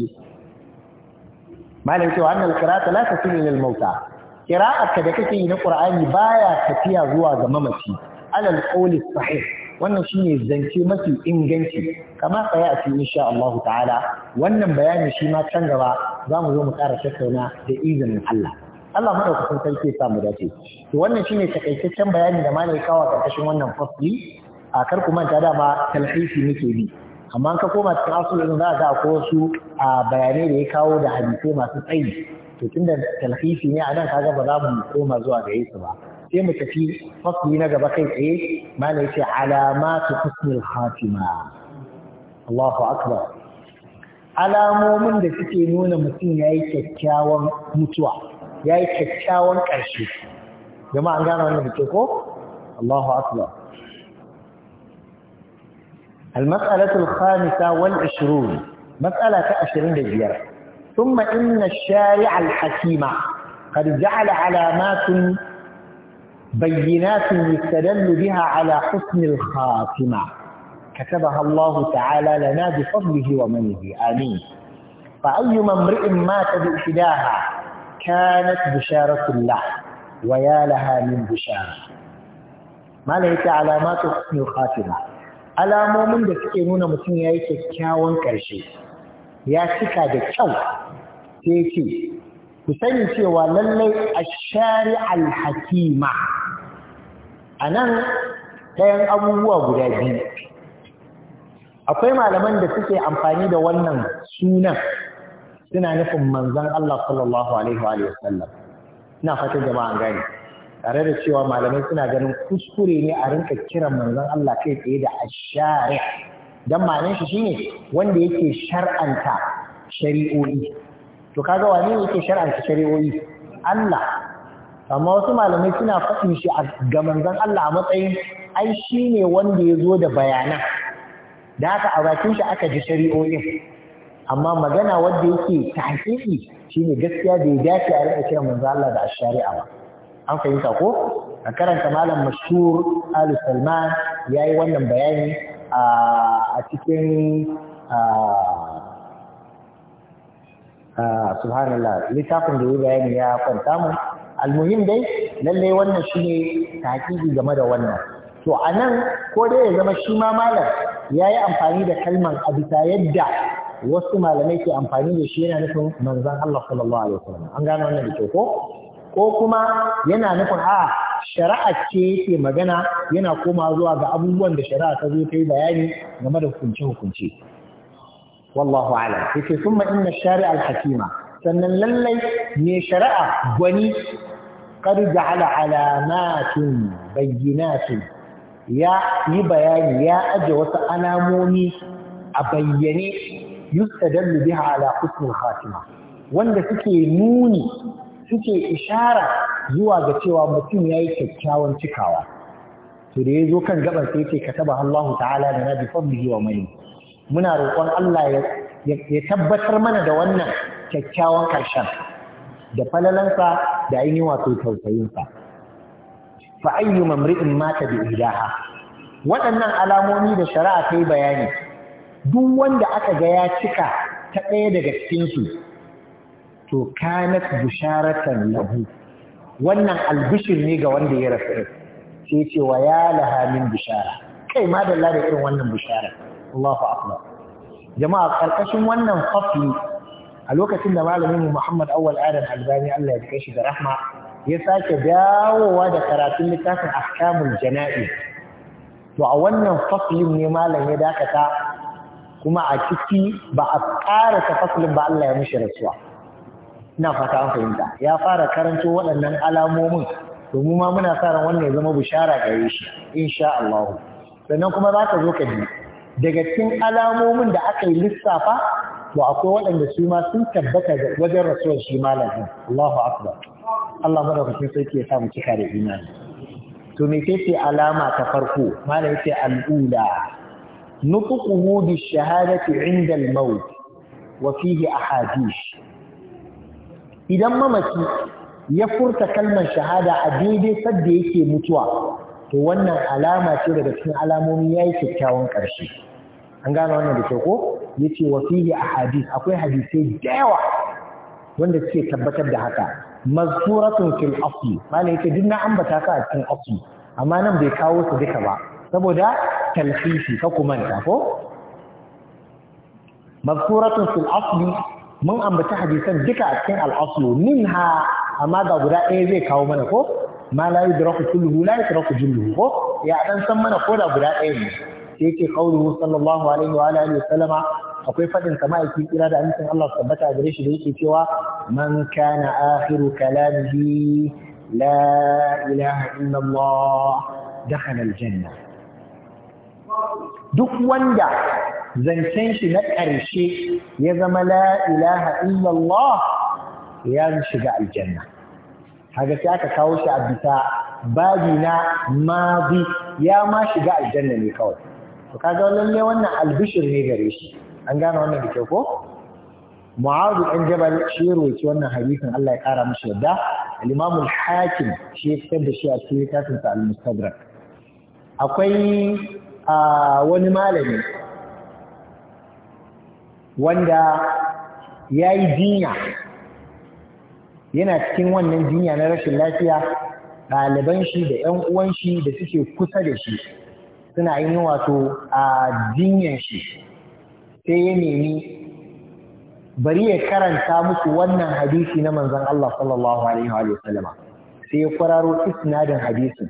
malam cewa annal qira'ata la tasilu lil mauta qira'atka da kake yi na qur'ani baya tafiya zuwa ga mamaci alal qawli sahih wannan shine zance mafi inganci kamar tsaye a cikin insha Allah ta'ala wannan bayani shi ma can gaba za mu zo mu ƙara tattauna da izinin Allah Allah madaukakin sarki ya samu dace to wannan shine takaitaccen bayani da ne kawo karkashin wannan fasli a kar ku manta da ma talhisi muke bi amma ka koma cikin asulin za ga ko wasu bayanai da ya kawo da hadisai masu tsayi to tunda talhisi ne a nan kaga ba za mu koma zuwa gare su ba يا متكي فصلي نجا بقيت ايه ما ليس علامات حسن الخاتمة الله أكبر على مؤمن ده سكي نونا مسين يأي كتشاوان متوع يأي كتشاوان كرشي جماعة قالوا وانا بتكو الله أكبر المسألة الخامسة والعشرون مسألة عشرين بجير ثم إن الشارع الحكيمة قد جعل علامات بينات يستدل بها على حسن الخاتمة كتبها الله تعالى لنا بفضله ومنه آمين فأيما امرئ مات بإحداها كانت بشارة له ويا لها من بشارة ما لهيك علامات حسن الخاتمة ألا مؤمن suke nuna mutum ya yi kyakkyawan ƙarshe ya cika da kyau sai ce الشارع الحكيمه a nan ɗayan abubuwa guda biyu akwai malaman da suke amfani da wannan sunan suna nufin manzan Allah sallallahu alaihi wa sallam ina fata jama'a gani tare da cewa malamai suna ganin kuskure ne a rinka kiran manzan Allah kai tsaye da ashari dan ma'anar shi shine wanda yake shar'anta shari'o'i to kaga wane yake shar'anta shari'o'i Allah amma wasu malamai suna faɗin shi ga manzon Allah a matsayin ai shi ne wanda ya zo da bayanan da haka a bakin shi aka ji shari'o'in amma magana wanda yake ta hakiki shine gaskiya da ya dace a rika kiran manzon Allah da shari'a ba an fahimta ko a karanta malam mashhur Ali Salman yayi wannan bayani a cikin a subhanallah littafin da ya bayani ya kwanta mu almuhim dai lalle wannan shine taqiqi game da wannan to anan ko dai ya zama shi ma malam yayi amfani da kalman a bisa yadda wasu malamai ke amfani da shi yana nufin manzon Allah sallallahu alaihi wasallam an gano wannan da ko ko kuma yana nufin a shari'a ce yake magana yana koma zuwa ga abubuwan da shari'a ta zo ta yi bayani game da hukunce hukunce wallahu a'lam yace summa inna shari'a al-hakima sannan lallai ne shari'a gwani قد جعل علامات بينات يا يبيان يا أجوة ألاموني أبيني يستدل بها على حسن الخاتمة wanda suke nuni suke ishara zuwa ga cewa mutum ya yi kyakkyawan cikawa to da ya zo kan gabar sai ce ka taba Allah ta'ala da nabi fadlihi wa mali muna roƙon Allah ya tabbatar mana da wannan kyakkyawan karshen da falalansa da ainihin wato tausayinsa fa ayyu mamri'in mata bi ilaha waɗannan alamomi da shari'a ta yi bayani duk wanda aka ga ya cika ta ɗaya daga cikin shi. to kanat bisharatan lahu wannan albishir ne ga wanda ya rasu sai ce wa ya laha min bishara kai ma da irin wannan bishara Allahu akbar jama'a karkashin wannan fafi a lokacin da malamin Muhammad awal Adam Albani Allah ya kai shi da rahma ya sake dawowa da karatun littafin ahkamul jana'i to a wannan faslin ne malam ya dakata kuma a ciki ba a ƙara ta faslin ba Allah ya mishi rasuwa ina fata an fahimta ya fara karanto waɗannan alamomin domin ma muna sa ran wannan ya zama bishara gare shi insha Allah sannan kuma za ka zo ka ji daga cikin alamomin da aka yi lissafa wa akwai waɗanda su ma sun tabbata da wajen rasuwar shi malamin Allahu akbar Allah barakatun sai ke samu cika da imani to me ce alama ta farko malam yake al'ula nutquhu bi shahadati inda al-maut wa fihi ahadith idan mamaki ya furta kalmar shahada a daidai sadda yake mutuwa to wannan alama ce daga cikin alamomi yayi kyakkyawan karshe an gane wannan da ko yace wa fihi ahadith akwai hadisai da yawa wanda suke tabbatar da haka mazkuratun fil asli malai ce duk na ambata ka a cikin asli amma nan bai kawo su duka ba saboda talhisi ka kuma ne ko mazkuratun fil asli mun ambata hadisan duka a cikin al min minha amma ga guda ɗaya zai kawo mana ko ma la yudraku kulluhu la yudraku julluhu ko ya dan san mana ko da guda ɗaya ne sai yake kauluhu sallallahu alaihi wa alihi wasallama akwai fadin sa ma'aikin kira da amincin Allah tabbata a gare shi da yake cewa man kana akhiru kalamihi la ilaha illa Allah dakhala aljanna duk wanda zancen shi na ƙarshe ya zama la ilaha ya shiga aljanna haka sai aka kawo shi a bisa babi na mazi ya ma shiga aljanna ne kawai to kaga lalle wannan albishir ne gare shi an gane wannan da ke ko Mu'adu ɗan Jabal shi ya roki wannan hadisin Allah ya kara mishi yadda al-Imam al-Hakim shi ya fitar da shi a cikin littafin sa al-Mustadrak akwai wani malami wanda ya yi jinya yana cikin wannan jinya na rashin lafiya ɗaliban shi da ‘yan uwan shi da suke kusa da shi suna yi wato a jinyar shi sai ya nemi bari ya karanta musu wannan hadisi na manzon Allah sallallahu alaihi wa sai ya kwararo isnadin hadisin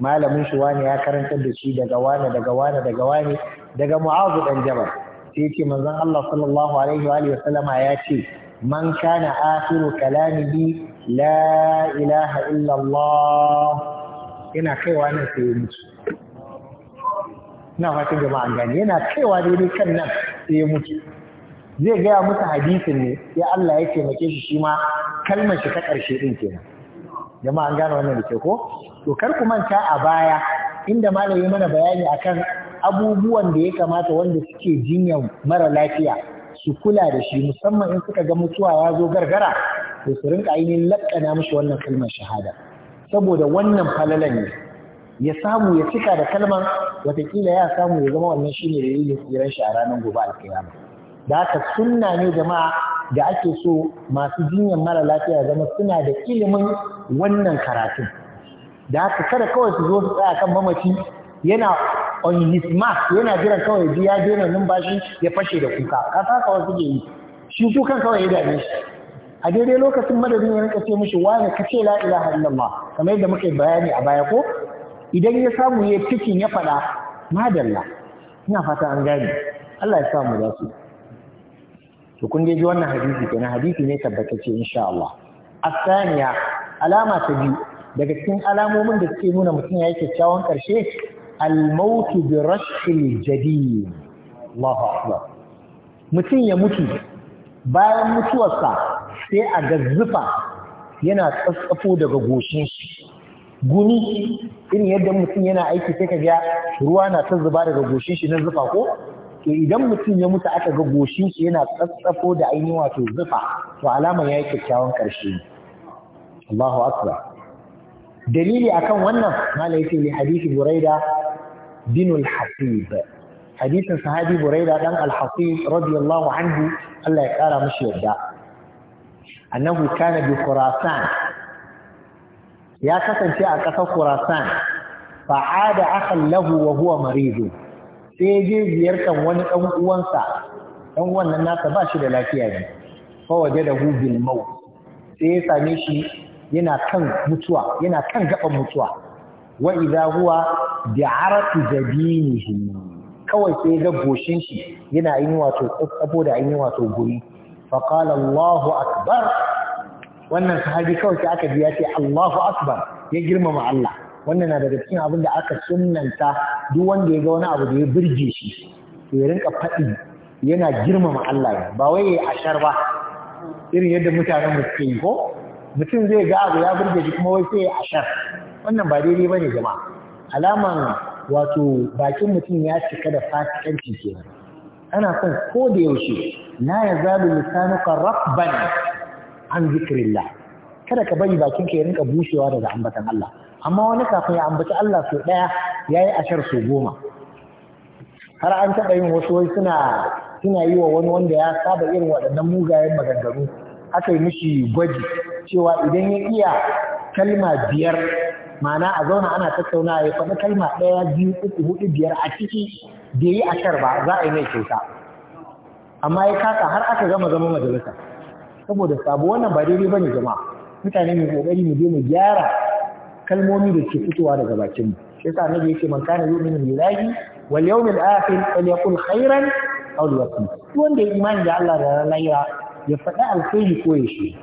malamin shi wani ya karantar da shi daga wani daga wani daga wani daga mu'azu dan jabal sai ya ce manzon Allah sallallahu alaihi wa ya ce man kana akhiru kalamihi la ilaha illa Allah yana kaiwa nan sai ya mutu na fatan jama'a gani yana kaiwa daidai kan nan sai ya mutu zai gaya musu hadisin ne ya Allah ya taimake shi shi ma kalmar shi ta ƙarshe din kenan jama'a an gane wannan da ke ko to kar ku manta a baya inda malami mana bayani akan abubuwan da ya kamata wanda suke jinyar mara lafiya su kula da shi musamman in suka ga mutuwa ya zo gargara to su rinka ainihin lakkana mishi wannan kalmar shahada saboda wannan falalan ne ya samu ya cika da kalman watakila ya samu ya zama wannan shi ne shine yin tsiran shi a ranar gobe alkiyama da haka suna ne jama'a da ake so masu jinyar mara lafiya zama suna da ilimin wannan karatun da haka kada kawai su zo su tsaya kan mamaci yana on his mark yana jiran kawai ji ya nan numfashi ya fashe da kuka ka saka wasu ke yi shi kukan kawai ya dame shi a daidai lokacin madadin ya rinka ce mishi wani ka ce la ilaha illallah kamar yadda muke bayani a baya ko idan ya samu ya cikin ya faɗa madalla ina fata an gane Allah ya samu za su to kun ji wannan hadisi kenan hadisi ne tabbatacce insha Allah asaniya alama ta biyu daga cikin alamomin da suke nuna mutum ya yi kyakkyawan ƙarshe almautu bi rashil jadid Allahu akbar mutum ya mutu bayan mutuwarsa sai a gazzufa yana tsatsafo daga goshin shi guni irin yadda mutum yana aiki sai ka ga ruwa na ta zuba daga goshin shi na zufa ko to idan mutum ya mutu aka ga goshin shi yana tsatsafo da ainihin wato zufa to alama ya yi kyakkyawan ƙarshe Allahu akbar dalili akan wannan malai ce ne hadisi buraida bin al-hasib hadisin sahabi buraida dan al-hasib radiyallahu anhu Allah ya kara mishi yadda annahu kana bi khurasan ya kasance a ƙasar Khurasan fa'ada akan lahu wa huwa maridu sai je ziyartar wani ɗan uwansa ɗan wannan nasa ba shi da lafiya ne fa waje da hu bil maut sai ya same shi yana kan mutuwa yana kan gaban mutuwa wa idza huwa bi'arati jabinihi kawai sai ga goshin shi yana yin wato tsatsabo da yin wato guri fa qala Allahu akbar wannan sahabi kawai sai aka biya sai Allahu akbar ya girmama Allah wannan na daga cikin abin da aka sunnanta duk wanda ya ga wani abu da ya birge shi to ya rinka faɗi yana girmama Allah ya ba wai ya ashar ba irin yadda mutanen mu suke yi ko mutum zai ga abu ya burge shi kuma wai sai ya ashar wannan ba daidai ba ne jama'a alaman wato bakin mutum ya cika da fasikanci kenan ana son ko da yaushe la yazalu lisanuka rabban an zikirilla. kada ka bari bakin ka ya rinka bushewa daga ambatan Allah amma wani kafin ya ambaci Allah sau ɗaya ya yi ashar sau goma har an taɓa yin wasu wai suna suna yi wa wani wanda ya saba irin waɗannan mugayen maganganu aka yi mishi gwaji cewa idan ya iya kalma biyar ma'ana a zauna ana tattauna ya faɗi kalma ɗaya biyu uku hudu biyar a ciki bai yi ashar ba za a yi mai kyauta amma ya kasa har aka gama zama majalisa saboda sabo wannan ba daidai bane jama'a mutane ne kokari mu je mu gyara kalmomi da ke fitowa daga bakin mu shi yasa annabi yake man kana yu'minu billahi wal yawmil akhir falyakul khairan aw liyakun wanda ya imani da Allah da ranar ya faɗi alkhairi ko ya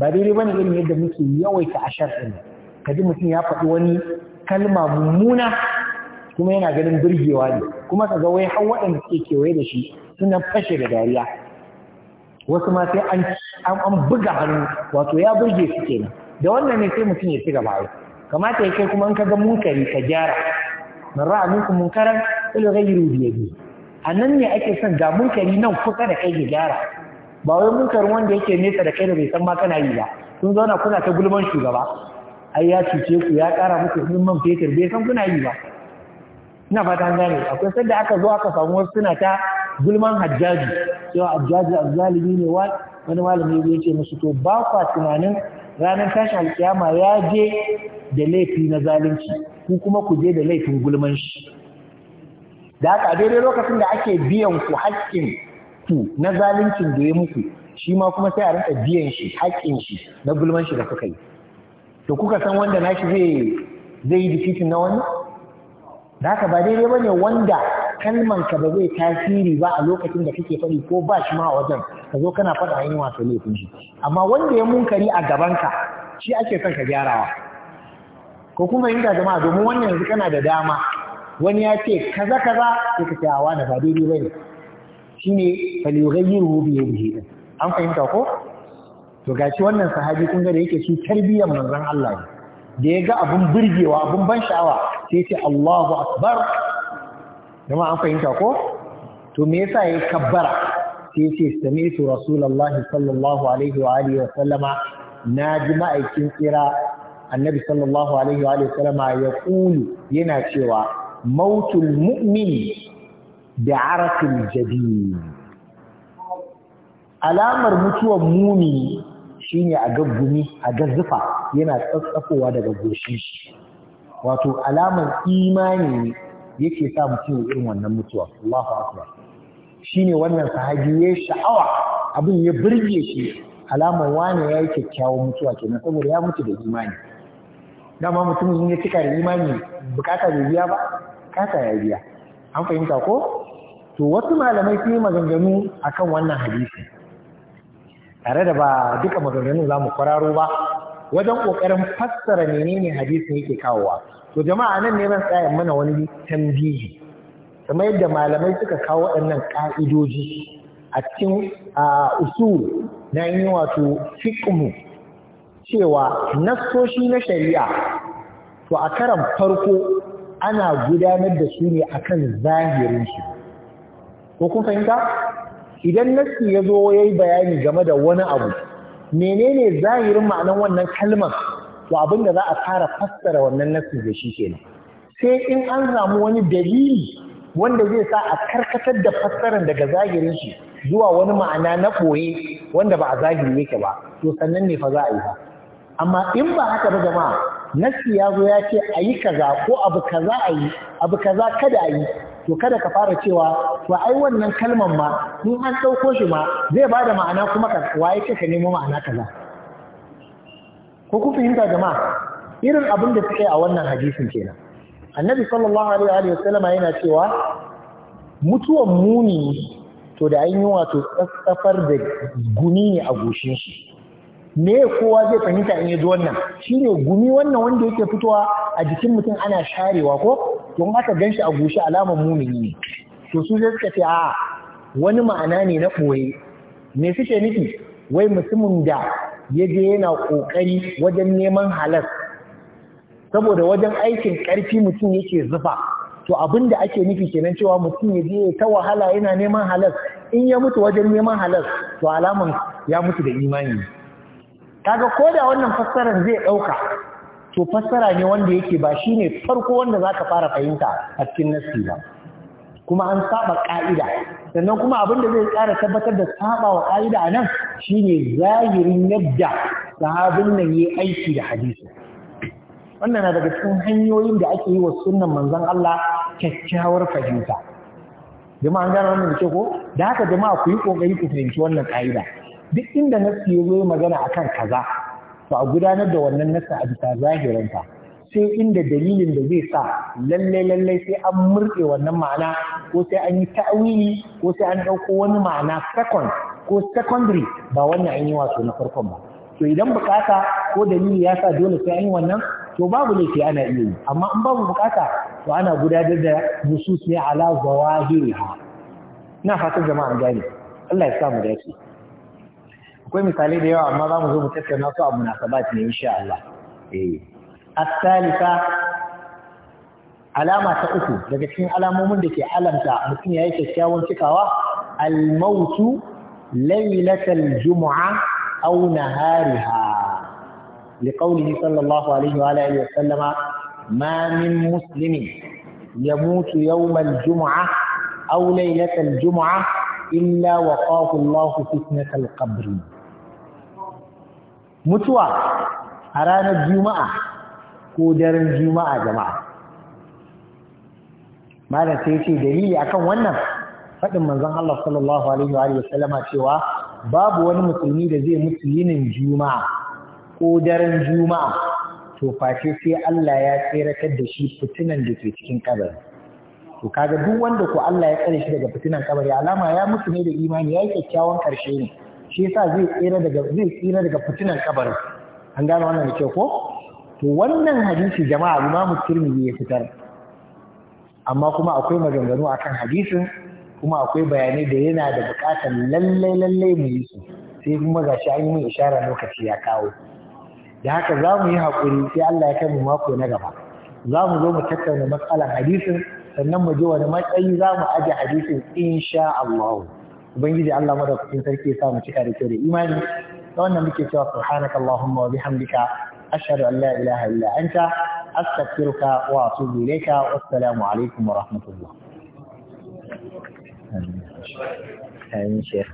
ba daidai bane irin yadda muke yawaita ashar din kaji mutum ya faɗi wani kalma mummuna kuma yana ganin burgewa ne kuma kaga wai har waɗanda suke kewaye da shi suna fashe da dariya wasu ma sai an an buga hannu wato ya burge su kenan da wannan ne sai mutum ya ci gaba kamata ya kai kuma in ka ga munkari ka gyara man ra'a ku munkaran ila ghayru bi yadi anan ne ake son ga munkari nan kusa da kai ya gyara ba wai munkarin wanda yake nesa da kai da bai san ma kana yi ba sun zauna kuna ta gulman shugaba ai ya cuce ku ya kara muku kudin man fetur bai san kuna yi ba ina fata an gane akwai sanda aka zo aka samu wasu suna ta gulman hajjaji cewa hajjaji azzalimi ne wa wani malami ya ce musu to ba kwa tunanin ranar tashi alkiyama ya je da laifi na zalunci ku kuma ku je da laifin gulman shi da haka daidai lokacin da ake biyan ku haƙƙin ku na zaluncin da ya muku shi ma kuma sai a rinka biyan shi haƙƙin shi na gulman shi da kuka yi to kuka san wanda nashi zai zai yi dikitin na wani da ka ba daidai bane wanda kalman ka ba zai tasiri ba a lokacin da kake faɗi ko ba shi ma a wajen ka zo kana faɗa a yin wasa laifin shi amma wanda ya munkari a gabanka shi ake son ka gyarawa ko kuma yin jama'a domin wannan yanzu kana da dama wani ya ce kaza kaza sai ka ce a da ba daidai bane shine falyughayyiru bi yadihi an fahimta ko to gashi wannan sahabi kun ga da yake su tarbiyyar manzon Allah ne da ya ga abin birgewa abin ban sha'awa sai ce Allahu akbar kuma an fahimta ko to me yasa ya kabbara sai ce sami'tu rasulullahi sallallahu alaihi wa alihi wa sallama naji ma'aikin tsira annabi sallallahu alaihi wa alihi wa sallama ya kulu yana cewa mautul mu'min da arakin jadi alamar mutuwar muni shine a gaggumi a gazzufa yana tsatsafowa daga goshin shi wato alamar imani ne yake sa mutum ya irin wannan mutuwa Allahu akbar shine wannan sahabi ya sha'awa abin ya burge shi alamar wane ya yi kyakkyawan mutuwa kenan saboda ya mutu da imani dama mutum ya cika da imani bukata bai biya ba kasa ya biya an fahimta ko to wasu malamai sun yi maganganu akan wannan hadisi tare da ba duka maganganun zamu kwararo ba wajen ƙoƙarin fassara menene hadisin yake kawowa to jama'a nan ne zan tsaya mana wani tambihi kamar yadda malamai suka kawo waɗannan ka'idoji a cikin usul na yi wato fiqhu cewa nassoshi na shari'a to a karan farko ana gudanar da su ne akan zahirin shi ko kun fahimta idan nassi ya zo yayi bayani game da wani abu menene zahirin ma'anan wannan kalmar to abin da za a fara fassara wannan nassi da shi kenan sai in an samu wani dalili wanda zai sa a karkatar da fassaran daga zahirin shi zuwa wani ma'ana na ɓoye wanda ba a zahiri yake ba to sannan ne fa za a yi ba amma in ba haka ba jama'a nassi ya zo ya ce a yi kaza ko abu kaza a yi abu kaza kada a yi to kada ka fara cewa to ai wannan kalman ma ni an ɗauko shi ma zai ba da ma'ana kuma ka waye ka nemo ma'ana kaza ko ku fahimta jama'a irin abin da take a wannan hadisin kenan annabi sallallahu alaihi wa sallam yana cewa mutuwan muni to da an yi wato tsatsafar da guni ne a goshin shi me kowa zai fahimta in ya ji wannan shine gumi wannan wanda yake fitowa a jikin mutum ana sharewa ko don haka ganshi a gushi alamar mumini ne to su zai suka ce a wani ma'ana ne na ɓoye me suke nufi wai mutumin da ya je yana ƙoƙari wajen neman halar saboda wajen aikin ƙarfi mutum yake zufa to abin da ake nufi kenan cewa mutum ya je ta wahala yana neman halar in ya mutu wajen neman halar to alaman ya mutu da imani kaga ko da wannan fassarar zai ɗauka to fassara ne wanda yake ba shine farko wanda zaka fara fahimta a cikin nassi ba kuma an saba ƙa'ida sannan kuma abin da zai ƙara tabbatar da saba wa ƙa'ida a nan shine zahirin yadda sahabin nan yi aiki da hadisi wannan na daga cikin hanyoyin da ake yi wa sunnan manzon Allah kyakkyawar fahimta jama'an gano gane wannan da ko da haka jama'a ku yi ƙoƙari ku fahimci wannan ƙa'ida duk inda nassi ya zo magana akan kaza to a gudanar da wannan nasa a bisa zahiranta, sai inda dalilin da zai sa lalle lalle sai an murɗe wannan ma'ana ko sai an yi ta'wili ko sai an ɗauko wani ma'ana second ko secondary ba wannan an yi wato na farkon ba to idan bukata ko dalili ya sa dole sai an yi wannan to babu laifi ana iya yi amma in babu bukata to ana gudanar da nusus ne ala zawahiriha ina fatan jama'an gane Allah ya sa mu dace akwai misali da yawa amma za mu zo mu tattauna su a munasabat ne insha Allah eh asalisa alama ta uku daga cikin alamomin da ke alamta mutum yayin kyakkyawan cikawa al-mautu lailatal jumu'a aw nahariha liqawlihi sallallahu alaihi wa alihi wa sallama ma min muslimin yamutu yawmal jumu'a aw laylatal jumu'a illa waqahu Allahu fitnatal qabri mutuwa a ranar juma'a ko daren juma'a jama'a malam sai ce dalili akan wannan faɗin manzon Allah sallallahu alaihi wasallama cewa babu wani musulmi da zai mutu yinin juma'a ko daren juma'a to face sai Allah ya tsiratar da shi fitinan da ke cikin kabari to kaga duk wanda ko Allah ya tsare shi daga fitinan kabari alama ya mutu ne da imani ya yi kyakkyawan ƙarshe ne shi yasa zai tsira daga zai tsira daga fitinan kabarin an gano wannan da ko to wannan hadisi jama'a Imam Tirmidhi ya fitar amma kuma akwai maganganu akan hadisin kuma akwai bayanai da yana da bukatar lallai lallai mu yi su sai kuma gashi an yi isharar lokaci ya kawo da haka za mu yi hakuri sai Allah ya kai mu mako na gaba za mu zo mu tattauna matsalar hadisin sannan mu je wani matsayi za mu aje hadisin insha Allah ubangiji Allah madaukakin sarki ya sa mu cika da kyau da imani da wannan muke cewa subhanaka allahumma wa bihamdika ashhadu an la ilaha illa anta astaghfiruka wa atubu ilayka wassalamu alaikum wa rahmatullah amin shekh